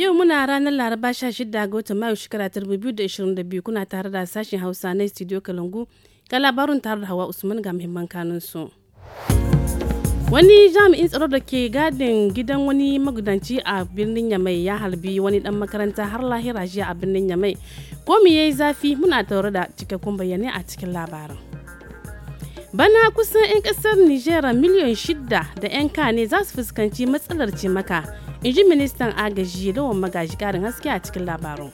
Yau muna ranar Laraba 16 ga watan Mayu shekara 2022 kuna tare da sashen Hausa na Studio kalungu ga labarin tare da Hawa Usman ga muhimman kanunsu. Wani jami'in tsaro da ke gadin gidan wani magudanci a birnin Yamai ya halbi wani dan makaranta har lahira jiya a birnin Yamai. Ko me yayi zafi muna tare da cikakkun bayanai a cikin labarin. bana kusan 'yan kasar Nijera miliyan shida da 'yan ne za su fuskanci matsalar cimaka in ji ministan agaji lawan magaji karin haske a cikin labarun.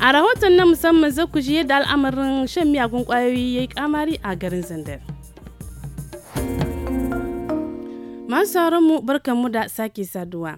a rahoton na musamman za ku ji yadda al'amarin shan miyagun kwayoyi ya yi kamari a garin zandar masu mu barkanmu da sake saduwa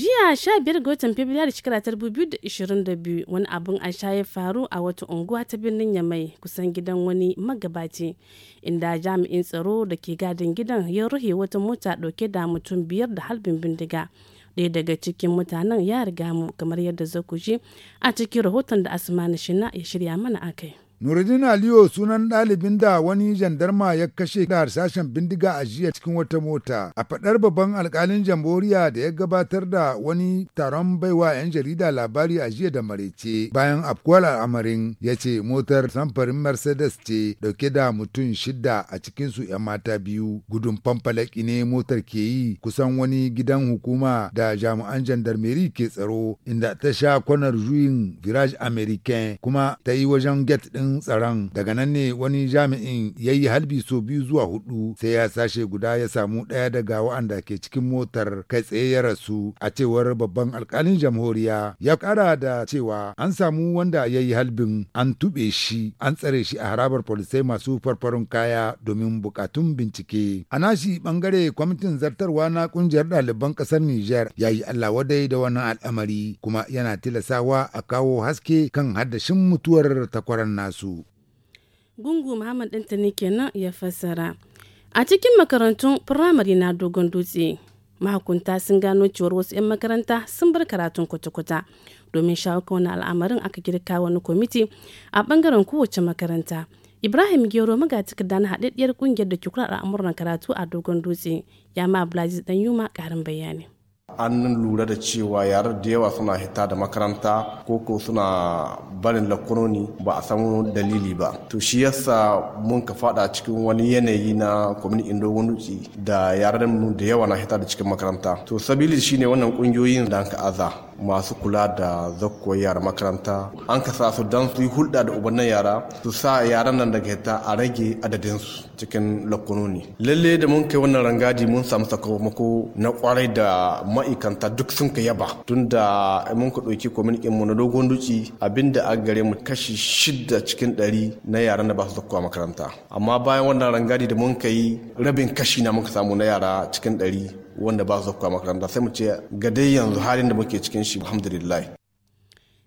jiya 15 ga watan fabrairu shekara ta 2022 wani abin a sha ya faru a wata unguwa ta birnin yamai kusan gidan wani magabaci inda jami'in tsaro da ke gadin gidan ya ruhe wata mota dauke da mutum biyar da halbin bindiga ɗaya daga cikin mutanen ya riga mu kamar yadda zakushi a cikin rahoton da asma shina ya shirya mana akai. Nuruddin Aliyu sunan ɗalibin da wani jandarma ya kashe da harsashen bindiga a jiya cikin wata mota. A faɗar babban alƙalin jamhuriya da ya gabatar da wani taron baiwa 'yan jarida labari a jiya da marece bayan afkuwar al'amarin ya ce motar samfarin Mercedes ce dauke da mutum shidda a cikin su 'yan mata biyu. Gudun famfalaki ne motar ke yi kusan wani gidan hukuma da jami'an jandarmeri ke tsaro inda ta sha kwanar juyin Virage American kuma ta yi wajen get ɗin tsaron daga nan ne wani jami'in ya yi halbi so biyu zuwa hudu sai ya sashe guda ya samu ɗaya daga wa'anda ke cikin motar kai tsaye ya rasu a cewar babban alkalin jamhuriya ya kara da cewa an samu wanda ya yi halbin an tuɓe shi an tsare shi a harabar polisai masu farfarin kaya domin bukatun bincike a nashi bangare kwamitin zartarwa na kungiyar ɗaliban ƙasar niger ya yi allah wadai da wannan al'amari kuma yana tilasawa a kawo haske kan haddashin mutuwar takwaran nasu su. Gungu Muhammad ne kenan ya fassara. A cikin makarantun firamare na dogon dutse, mahakunta sun gano cewar wasu 'yan makaranta sun bar karatun kwata-kwata. Domin shawo kan al'amarin aka girka wani kwamiti a bangaren kowace makaranta. Ibrahim Gero magatakardar na haɗaɗɗiyar ƙungiyar da ke kula al'amuran karatu a dogon dutse, ya ma Abdulaziz Danyuma ƙarin bayani. an lura da cewa yara da yawa suna hita da makaranta ko ko suna barin lakononi ba a samu dalili ba to shi yasa mun ka fada cikin wani yanayi na community indo wani da yaran mu da yawa na hita da cikin makaranta to sabili shine wannan kungiyoyin da ka aza masu kula da zakkuwar yara makaranta an ka sa su dan su yi hulɗa da ubannin yara su sa yaran nan daga hita a rage adadinsu cikin lakononi lalle da mun kai wannan rangadi mun samu sakamako na kwarai da ma'aikanta duk sun ka yaba tunda mun ka ɗauki kwamitin mu na dogon duci abinda a gare mu kashi shida cikin ɗari na yaran da ba su zakkuwa makaranta amma bayan wannan rangadi da mun ka yi rabin kashi na muka samu na yara cikin ɗari wanda ba su zakkuwa makaranta sai mu ce ga dai yanzu halin da muke cikin shi alhamdulillah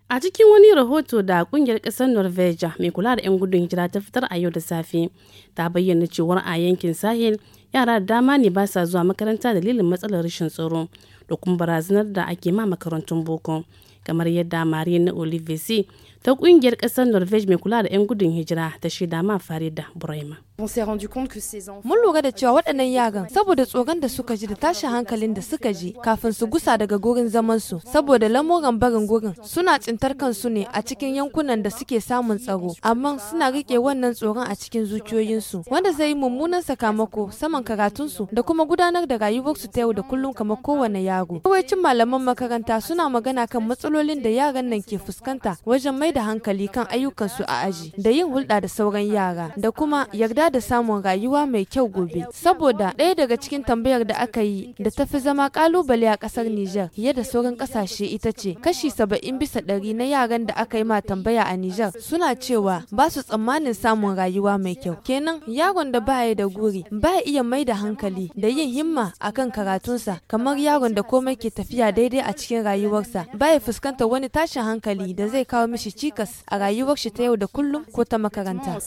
A cikin wani rahoto da kungiyar ƙasar Norveja mai kula da 'yan gudun hijira ta fitar a yau da safe ta bayyana cewar a yankin Sahel yara da dama ne ba sa zuwa makaranta dalilin matsalar rashin tsaro da kuma barazanar da ake ma makarantun boko kamar yadda marina olivesi ta kungiyar kasar norvege mai kula da 'yan gudun hijira ta shaida ma da burema Mun lura da cewa waɗannan yaran saboda tsoron da suka ji da tashin hankalin da suka ji kafin su gusa daga gurin zamansu saboda lamuran barin gurin suna tsintar kansu ne a cikin yankunan da suke samun tsaro amma suna rike wannan tsoron a cikin zuciyoyinsu wanda zai yi mummunan sakamako saman karatunsu da kuma gudanar da rayuwarsu ta yau da kullum kamar kowane yaro. Yawancin malaman makaranta suna magana kan matsalolin da yaran nan ke fuskanta wajen mai da hankali kan ayyukansu a aji da yin hulɗa da sauran yara da kuma yarda da samun rayuwa mai kyau gobe. Saboda ɗaya daga cikin tambayar da aka yi da ta fi zama kalubale a ƙasar Nijar fiye da sauran ƙasashe ita ce kashi saba'in bisa ɗari na yaran da aka yi ma tambaya a Nijar suna cewa ba su tsammanin samun rayuwa mai kyau. Kenan yaron da baya da guri ba iya mai da hankali da yin himma akan karatunsa kamar yaron da komai ke tafiya daidai a cikin rayuwarsa ba ya fuskanta wani tashin hankali da zai kawo mishi cikas a rayuwar shi ta yau da kullum ko ta makaranta.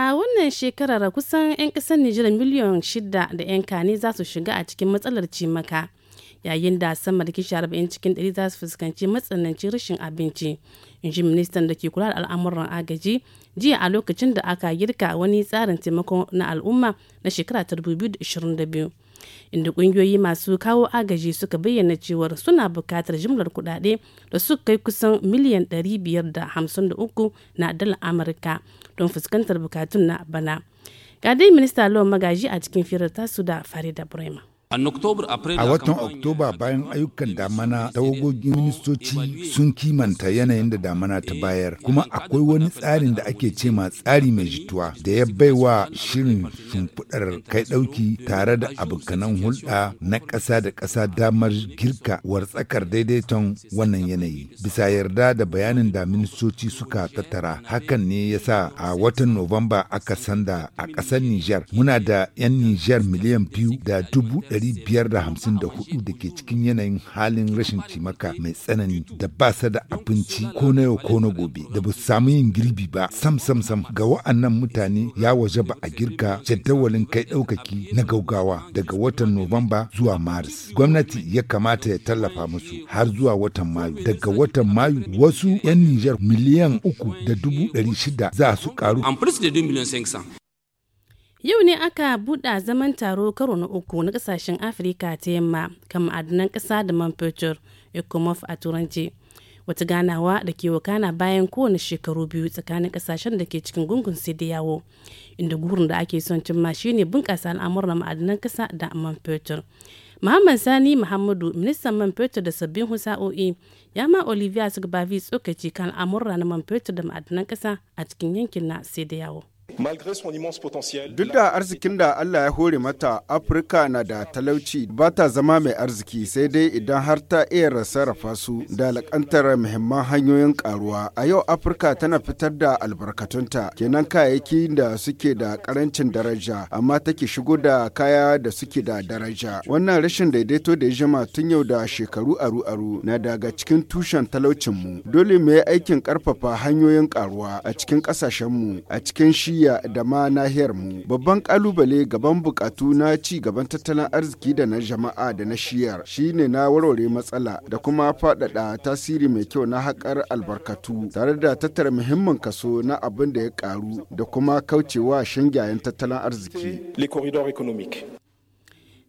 A wannan shekarar kusan 'yan ƙasar Nijar miliyan shida da 'yan kane za su shiga a cikin matsalar cimaka. Yayin da sama da kishi 40 cikin 100 za su fuskanci matsanancin rashin abinci. In ministan da ke kula da al'amuran agaji jiya a lokacin da aka girka wani tsarin taimako na al'umma na shekara ta 2022. inda kungiyoyi masu kawo agaji suka bayyana cewar suna bukatar jimlar kudade da suka kai kusan miliyan 553 na dala amurka don fuskantar bukatun na bana ga minista lawan magaji a cikin firar tasu da farida brema A watan Oktoba bayan ayyukan damana tawagogin ministoci sun kimanta yanayin da damana ta bayar kuma akwai wani tsarin da ake ce ma tsari mai jituwa da ya baiwa shirin shimfiɗar kai ɗauki tare da abokanan hulɗa na ƙasa da ƙasa damar girka wartsakar daidaiton wannan yanayi. Bisa yarda da bayanin da ministoci suka tattara hakan ne ya sa a watan Nuwamba aka sanda a ƙasar Nijar muna da 'yan Nijar miliyan biyu da dubu 554 da ke cikin yanayin halin rashin cimaka mai tsanani da ba sa da abinci ko na yau ko na gobe da ba samu yin girbi ba sam sam sam ga wa'annan mutane ya waje ba a girka jadawalin kai ɗaukaki na gaugawa daga watan Nuwamba zuwa Maris. Gwamnati ya kamata ya tallafa musu har zuwa watan Mayu. Daga watan Mayu wasu 'yan Nijar miliyan uku da dubu ɗari shida za su ƙaru. Yau ne aka buɗa zaman taro karo na uku na ƙasashen Afirka ta yamma kan ma'adanan ƙasa da man fetur ECOMOF a Turanci. Wata ganawa da ke wakana bayan kowane shekaru biyu tsakanin ƙasashen da ke cikin gungun sai yawo inda gurin da ake son cimma shine bunƙasa al'amuran ma'adanan ƙasa da man fetur. Muhammad Sani Muhammadu, ministan man fetur da sabbin husa'o'i, ya ma Olivia Sugbavi tsokaci kan al'amurra na man fetur da ma'adanan ƙasa a cikin yankin na sai yawo. Duk da arzikin da Allah ya hore mata, Afirka na da talauci ba ta zama mai arziki sai dai idan har ta iya sarrafa su da alƙantar muhimman hanyoyin ƙaruwa, A yau Afirka tana fitar da albarkatunta, kenan kayayyaki da suke da ƙarancin daraja, amma take shigo da kaya da suke da daraja. Wannan rashin daidaito da zama tun yau da shekaru aru-aru na daga cikin tushen talaucinmu. Dole mu yi aikin ƙarfafa hanyoyin karuwa a cikin ƙasashenmu, a cikin shiya Asiya da ma nahiyar mu. Babban kalubale gaban bukatu na ci gaban tattalin arziki da na jama'a da na shiyar shine na warware matsala da kuma faɗaɗa tasiri mai kyau na haƙar albarkatu tare da tattara muhimmin kaso na abin da ya ƙaru da kuma kaucewa shingayen tattalin arziki.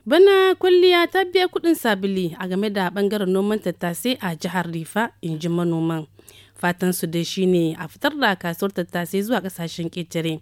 Bana kwalliya ta biya kudin sabili a game da bangaren noman tattasai a jihar Rifa, in ji manoman. fatan su dai shine a fitar da kasuwar tattasai zuwa kasashen ƙetare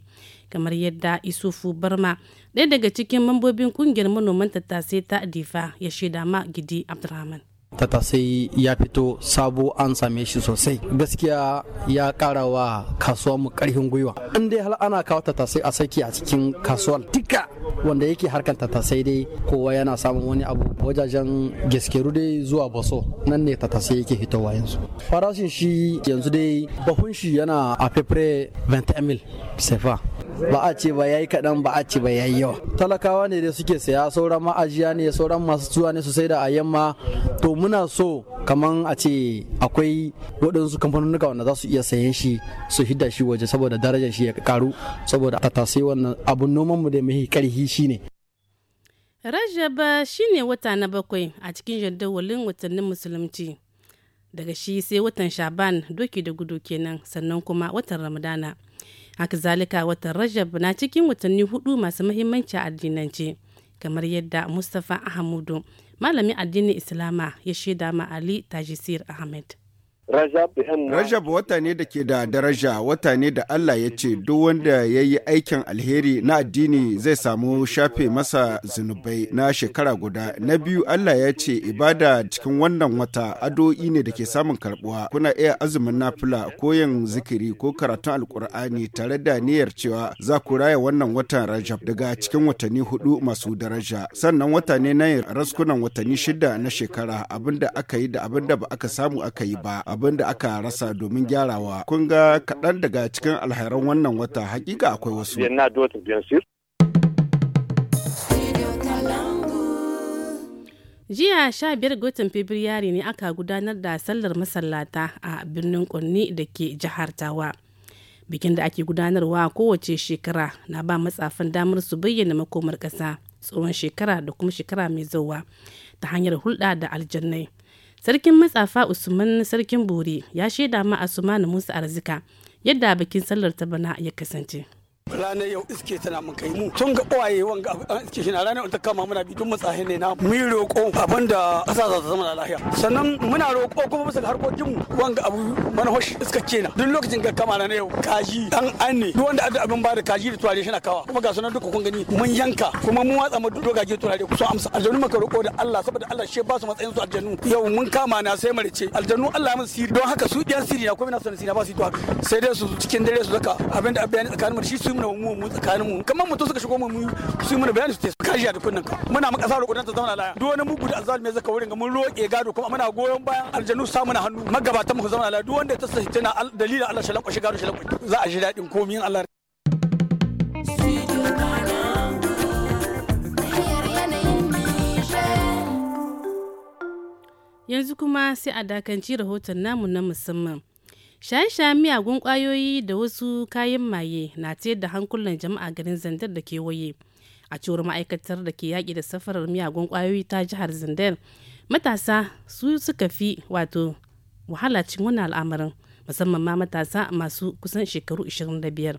kamar yadda isufu barma ɗaya daga cikin mambobin kungiyar manoman tattasai ta difa ya shaida ma gidi abdulrahman tatasai ya fito sabo an same shi sosai gaskiya ya kara wa kasuwar mu karfin gwiwa in dai hal ana kawo tatasai a saki a cikin kasuwar duka wanda yake harkan tasai dai kowa yana samun wani abu wajajen gaskeru dai zuwa baso nan ne tatasai yake fitowa yanzu farashin shi yanzu dai bahun shi yana a fefre 20 mil sefa ba a ce ba yayi kaɗan ba a ce ba yayi yawa talakawa ne da suke saya sauran ma'ajiya ne sauran masu zuwa ne su sai da a yamma to muna so kaman a ce akwai waɗansu kamfanonuka wanda za su iya sayen shi su hidda shi waje saboda darajar shi ya karu saboda a tasai wannan abun noman mu da mai karhi ne Rajaba shine wata na bakwai a cikin jadawalin watannin musulunci. Daga shi sai watan Shaban doki da gudu kenan sannan kuma watan Ramadana. haka zalika watan rajab na cikin watanni hudu masu mahimmanci a addinance kamar yadda mustapha ahmadu malamin addinin islama ya shaida ma ali tajisir ahmed Rajab wata ne da ke da daraja wata ne da Allah ya ce duk wanda ya yi aikin alheri na addini zai samu shafe masa zunubai na shekara guda. Na biyu Allah ya ce ibada cikin wannan wata ado'i ne da ke samun karbuwa. Kuna iya azumin nafila ko yin zikiri ko karatun alkur'ani tare da niyyar cewa za ku raya wannan watan Rajab daga cikin watanni hudu masu daraja. Sannan wata ne na raskunan watanni shida na shekara abinda aka yi da abinda ba aka samu aka yi ba. abin da aka rasa domin gyarawa. Kun ga kaɗan daga cikin alhairan wannan wata hakika akwai wasu. jiya sha ga watan fabrairu ne aka gudanar da sallar masallata a birnin kunni da ke jihar tawa bikin da ake gudanarwa kowace shekara na ba matsafin damar su bayyana makomar ƙasa tsohon shekara da kuma shekara mai zauwa ta hanyar hulɗa da aljannai sarkin matsafa usman sarkin bore ya shaida ma na musa arzika yadda bikin sallar ta bana ya kasance ranar yau iske tana mun kai mu tun ga uwaye wanga an iske shi na ranar ta kama muna bi dun mutsahe ne na mu roƙo abin da ƙasa za ta zama lafiya sannan muna roƙo kuma bisa harkokin mu wanga abu manhosh iska kenan duk lokacin ga kama ranar yau kaji dan anne duk wanda da abin ba da kaji da turare shi na kawa kuma ga sunan duka kun gani mun yanka kuma mun watsa mu dogage turare ku so amsa aljanu maka roƙo da Allah saboda Allah shi ba su matsayin su aljanu yau mun kama na sai marice aljanu Allah mun siri don haka su ɗiyan siri na kuma na sanin siri ba su yi to sai dai su cikin dare su zaka abin da abin tsakanin mu shi su mu mu mu tsakanin mu kamar mutum suka shigo mu su mana bayani su ka jiya da kunnan muna maka sa roƙon ta zauna laya duk wani mugu da azal me zaka wurin ga mun roƙe gado kuma muna goyon bayan aljanu sa muna hannu magabatan mu zauna laya duk wanda ta sahi tana dalilin Allah shalan kwashi gado shalan za a ji dadin komin Allah Yanzu kuma sai a dakanci rahoton namu na musamman. shaye-shayen miyagun kwayoyi da wasu kayan maye na tayar da hankulan jama'a garin zandar da kewaye a cewar ma'aikatar da ke yaƙi da safarar miyagun kwayoyi ta jihar zandar matasa su suka fi wato wahala cin wani al'amarin musamman ma matasa masu kusan shekaru 25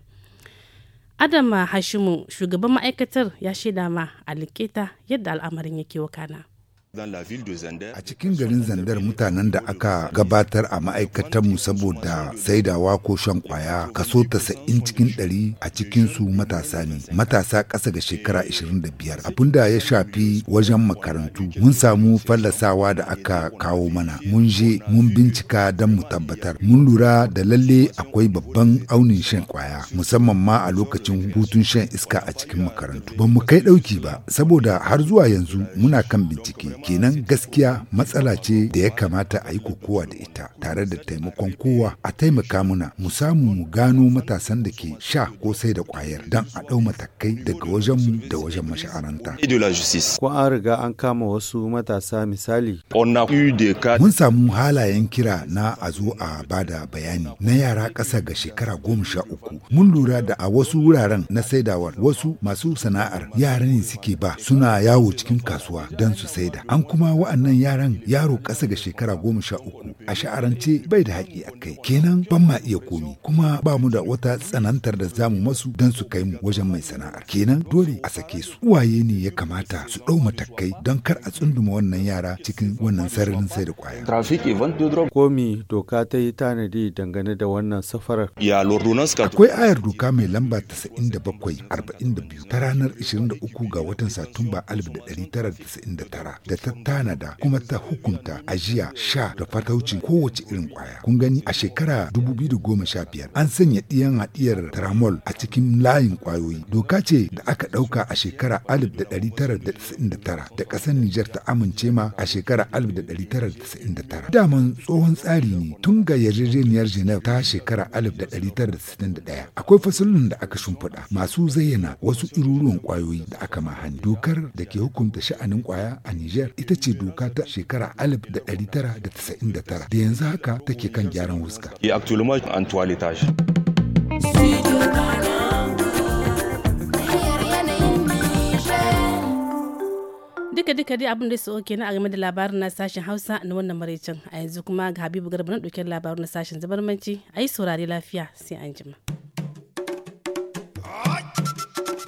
adama hashimu shugaban ma'aikatar ya shaida ma likita yadda al'amarin yake wakana A cikin garin zandar mutanen da aka gabatar a ma'aikatanmu saboda saidawa ko shan kwaya kaso tasa'in cikin ɗari a cikin su matasa ne, matasa ƙasa ga shekara 25. Abin da ya shafi wajen makarantu, mun samu fallasawa da aka kawo mana, mun je mun bincika don mu tabbatar. Mun lura da lalle akwai babban aunin shan kwaya, musamman ma a lokacin hutun shan iska a cikin makarantu. Ba mu kai ɗauki ba, saboda har zuwa yanzu muna kan bincike. kenan gaskiya matsala ce da ya kamata a yi kokowa da ita tare da taimakon kowa a taimaka muna mu samu mu gano matasan da ke sha ko sai da kwayar don a ɗau matakai daga wajenmu da wajen masha'aranta. Ko an riga an kama wasu matasa misali? Mun samu halayen kira na a zo a bada bayani na yara ƙasa ga shekara goma sha uku. Mun lura da a wasu wuraren na saidawar wasu masu sana'ar yara ne suke ba suna yawo cikin kasuwa don su saida. an kuma wa'annan yaran yaro kasa ga shekara goma sha uku a sha'arance bai da haƙi a kai kenan ban ma iya komi kuma ba mu da wata tsanantar da zamu masu don su kai mu wajen mai sana'ar kenan dole a sake su uwaye ne ya kamata su ɗau matakai don kar a tsunduma wannan yara cikin wannan sararin sai da kwaya. Komi doka ta yi tanadi dangane da wannan safarar. Akwai ayar doka mai lamba 97 42 ta ranar 23 ga watan Satumba 1999 da ta tanada kuma ta hukunta ajiya sha da fatauci kowace irin kwaya. Kun gani a shekara 2015 an sanya ɗiyan haɗiyar tramol a cikin layin kwayoyi. Doka ce da aka ɗauka a shekara 1999 da ƙasar Nijar ta amince ma a shekara 1999. Daman tsohon tsari ne tun ga yarjejeniyar Geneva ta shekara 1961. Akwai fasalin da aka shimfiɗa masu zayyana wasu iruruwan kwayoyi da aka mahani. Dokar da ke hukunta sha'anin kwaya a Nijar ita ce doka ta shekara 1999 da yanzu haka take kan gyaran wuska duka duka dai abin da su oke na a game da labarin na sashen hausa na wannan maraicin a yanzu kuma ga habibu garba na dauke labarin na sashen zabarmanci a yi saurari lafiya sai an jima.